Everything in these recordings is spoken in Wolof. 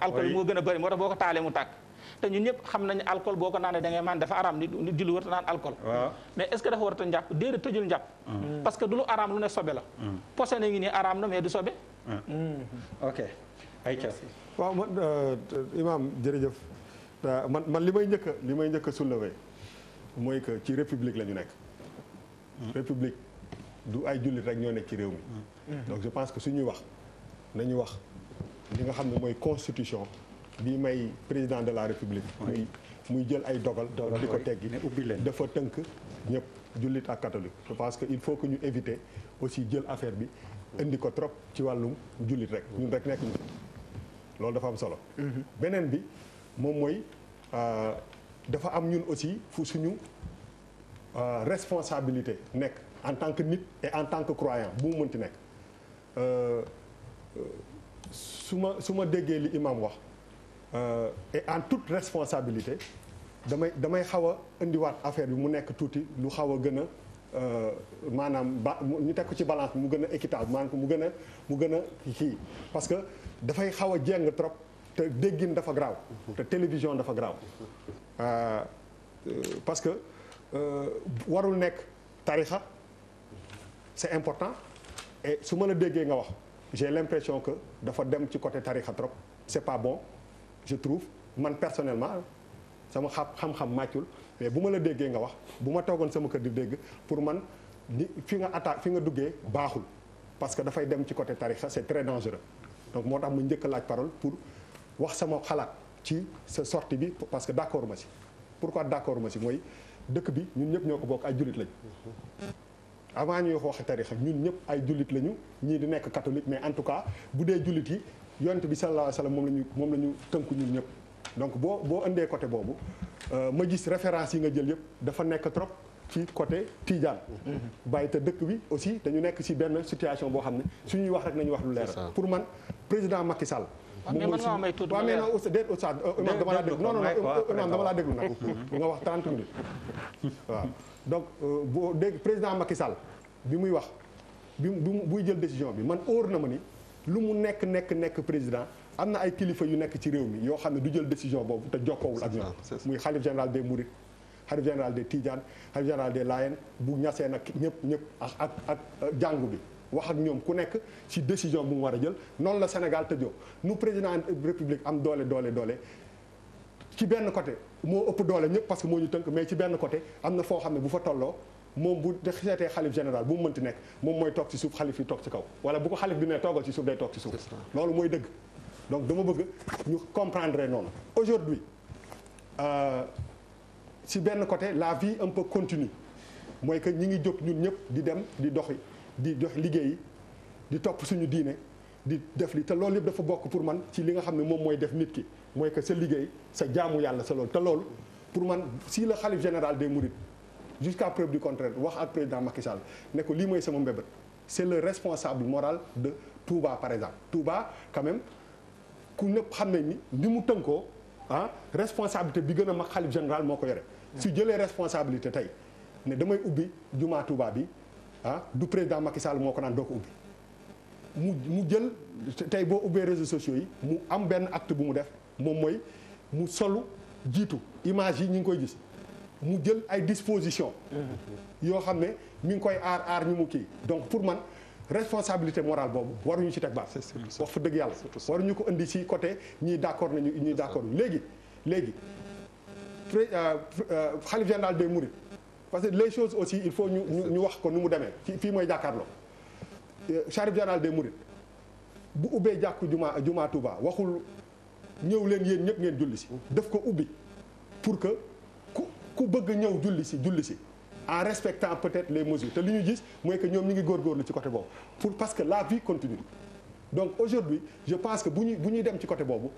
alcool mo gëna bari mo tax boko talé mu tak té ñun ñëpp xam nañu alcool boko ko da ngay man dafa aram ni jullu julli warta naan alcool mais est ce que dafa warta njàpp déedéet tëjul ñap mm. parce que du lu aram lu né sobé la mm. posé na ngi ni aram na mais du sobé mm. ok ay ci wa imam jërëjëf euh, man man limay ñëk limay ñëk li moy que ci république lañu nek république du ay jullit rek ñoo nek ci réew mi donc je pense que suñu wax nañu wax li nga xam ne mooy constitution bi may président de la république muy muy jël ay dogal di ko teggi dafa tënk ñëpp jullit ak catholique parce que il faut que ñu éviter aussi jël affaire bi indi ko trop ci wàllum jullit rek ñun rek nekk ñu loolu dafa am solo mhm. beneen bi moom mooy euh, dafa am ñun aussi fu suñu euh, responsabilité nekk en tant que nit et en tant que croyant bu mu mënti nekk euh, suma ma su li imam wax euh, et en toute responsabilité damay damay xawa a wat affaire bi mu nek touti lu xawa gëna euh manam ñu teg ko ci balance mu gëna a équitable maanaam mu gëna mu gëna a parce que da fay xawa jeng trop te déggin dafa graw te télévision dafa graw euh, euh parce que euh warul nek tarixa c'est important et suma la déggee nga wax j'ai l'impression que dafa dem ci côté tarixa trop c'est pas bon je trouve man personnellement sama xam xam-xam màccul mais bu ma la déggee nga wax bu ma toogoon sama kër di dégg pour man ni fi nga attaque fi nga duggee parce que dafay dem ci côté tarixa c'est très dangereux donc moo tax mu que la parole pour wax sama xalaat ci sa sortie bi parce que d'accord ma si pourquoi d'accord ma si mooy de bi ñun ñëpp ñoo ko bokk ay lañ avant ñuy wax tarixa ñun ñëpp ay jullit lañu ñii di nekk catholique mais en tout cas bu dee jullit yi yonent bi sallallahu alayhi wa sallam moom la ñu moom la ñu tënku ñun ñëpp donc boo boo indee côté boobu euh, ma gis référence yi nga jël yëpp dafa nekk trop ci côté Tidiane. Mm-hmm. bàyyi te dëkk bi aussi dañu nekk si benn situation boo xam ne su ñuy wax rek nañu wax lu leer pour man président Macky sal mais man maa may tuuti ma leer waaw mais non déet oustaz imam euh, dama laa déglu non non nga wax 30 minutes waaw donc euh, boo dégg président Macky sal bi muy wax bi mu buy jël décision bi man óor na ma ni lu mu nekk nekk nekk président am na ay kilifa yu nekk ci réew mi yoo xam ne du jël décision boobu te jokkowul ak ñoom muy xalif général des Mourides xalif général de Tidiane xalif général des Layènes bu ñaseen ak ñëpp ñëpp ak ak ak euh, jàngu bi wax ak ñoom ku nekk ci décision bu mu war a jël noonu la Sénégal président république am doole doole doole ci benn côté moo ëpp doole ñëpp parce que moo ñu tënk mais ci benn côté am na foo xam bu fa tollo mom bu de seetee général bu mu mënti nek mom moy tok ci souf xalif yi ci kaw wala bu ko xalif bi né toogal ci souf day tok ci souf lolu moy dëgg donc dama bëgg ñu comprendre non aujourd'hui si euh, benn côté la vie un peu continue moy que ñi ngi jox ñun ñëpp di dem di doxi di jox liggéey di top suñu diiné di def li té loolu yëpp dafa bokk pour man ci li nga xamné mom moy def nit ki que sa liggéey sa jaamu yalla sa loolu té loolu pour man si le xalif général des mourides jusqu'à preuve du contraire wax ak président Macky Sall ne ko li moy sama mbébét c'est le responsable moral de Touba par exemple Touba quand même ku ñëpp xam ni ni mu tënko ah responsabilité bi gëna ma mag général moko yoré yore su jëlee responsabilité tay ne damay ubbi jumaa Touba bi ah, du président Macky Sall Nous doko mu mu jël réseaux sociaux yi mu am acte bu mu def mu image yi ngi koy gis mu ay mm-hmm. mi ngi koy ñu mu donc pour man responsabilité morale boobu waruñu ci wax ko ci côté d'accord nañu ñi d'accord euh, euh, parce que les choses aussi il faut ñu ñu wax ko nu mu demee fii fii mooy jàkkaarloo Charif euh, général des Mourides bu ubbee jàkku juma juma Touba waxul ñëw leen yéen ñëpp ngeen julli si. daf ko ubbi pour que ku ku bëgg ñëw julli ci julli ci en respectant peut-être les mesures te li ñu gis moy que ñom ñi ngi góorgóorlu ci côté bob pour parce que la vie continue donc aujourd'hui je pense que bu ñuy bu ñuy dem ci côté boobu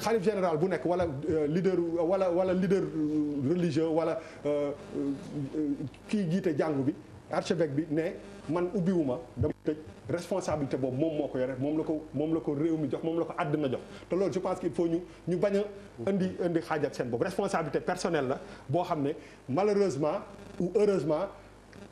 xalif général bu nekk wala euh, leader wala wala leader euh, religieux wala euh, kii jiite jàngu bi archevêque bi ne man ubbiwuma dama tëj responsabilité boobu mom moko yoré mom lako mom lako rewmi jox mom lako ko àddina jox te lolou je pense qu'il faut ñu ñu baña a indi indi xaajat seen boobu responsabilité personnelle la bo xamné malheureusement ou heureusement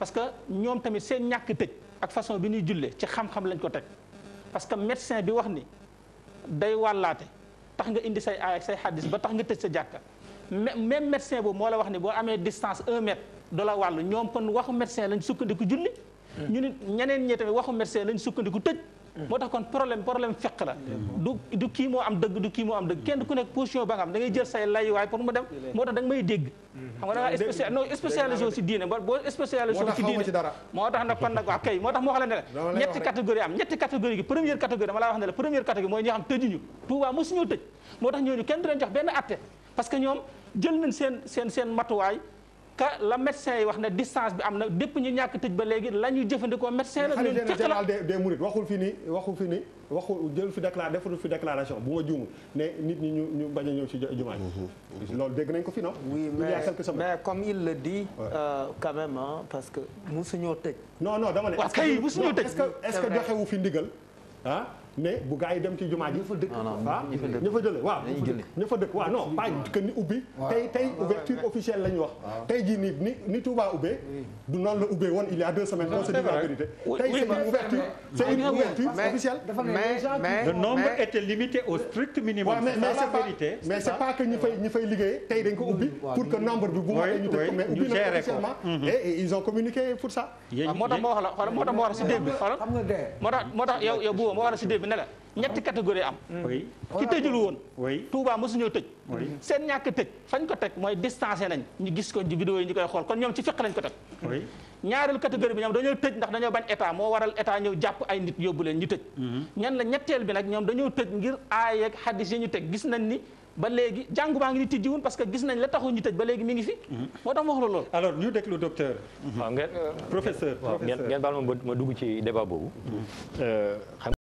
parce que ñoom tamit seen ñàkk tëj ak façon bi ñuy julle ci xam-xam lañ ko teg parce que médecin bi wax ni day walaté tax nga indi say ay ak say xaddis ba tax nga tëj sa jàkka même médecin bo mo la wax ni bo amé distance 1 mètre do la wàllu ñom kon waxu médecin lañ sukkandiku julli hmm. ñu ñeneen ñi tamit waxu médecin lañ sukkandiku tëj moo tax kon problème problème fekk la du du kii moo am dëgg du kii moo am dëgg kenn ku nekk position ba nga xam da jël say layuwaay pour mu dem moo tax da may dégg xam nga da nga si diine boo spécialisé si diine moo tax nag moo tax moo xam ne la ñetti catégorie am ñetti catégorie gi première catégorie dama laa wax ne la première catégorie mooy ñoo xam tëjuñu Tuubaa mosuñoo tëj moo tax ñooñu kenn du leen jox benn atte parce que ñoom jël nañ seen seen seen matuwaay que la médecin yi wax ne distance bi am na dépp ñu ñàkk tëj ba léegi la ñuy jëfandikoo médecin la ñun cëq la des mourides waxul fi ni waxul fi ni waxul jël fi déclaré deful fi déclaration bu ma juumul ne nit ñi ñu ñu bañ a ñëw ci jumaa ji mhm. loolu dégg nañ ko fi non oui mais mais comme il le dit euh, quand même parce que musuñoo tëj non non dama ne kay musuñoo tëj est-ce que joxewu fi ndigal ah ne bu gaa dem ci jumaa ji. ah ña fa ah jële dëkk waaw non pas que ni ubbi. tey tey ouverture officielle lañu wax. tey jii ni ni ni Touba du noonu la ubbee woon il y deux semaines. on se dit tey c'est une ouverture officielle. mais le nombre était limité au strict minimum. mais mais mais c'est pas que ñi fay ñi tey dañ ko ubbi. pour que nombre bi bu matee ñu teg ko mais ubbi na officiellement. Mhm. ils ont communiqué pour ça. Ah, moo tax moo wax la ne la ñetti catégorie am ki tëjul won Touba musu ñu tej sen ñak tej fañ ko tek moy distancer nañ ñu gis ko ci vidéo yi ñu koy xool kon ñom ci fiq lañ ko tek ñaaral catégorie bi ñoom dañu tej ndax dañu bañ état mo waral état ñëw japp ay nit yobul leen ñu tej ñan la ñettel bi nak ñom dañu tej ngir ay ak hadith yi ñu tek gis nañ ni ba légui janguma ngi ni tijji woon parce que gis nañ la taxu ñu tej ba légui mi ngi fi mm-hmm. moo tax ma wax lool alors ñu déglu docteur mm-hmm. waaw ngeen professeur ngeen baal ma ma dugg ci débat bobu mm-hmm. euh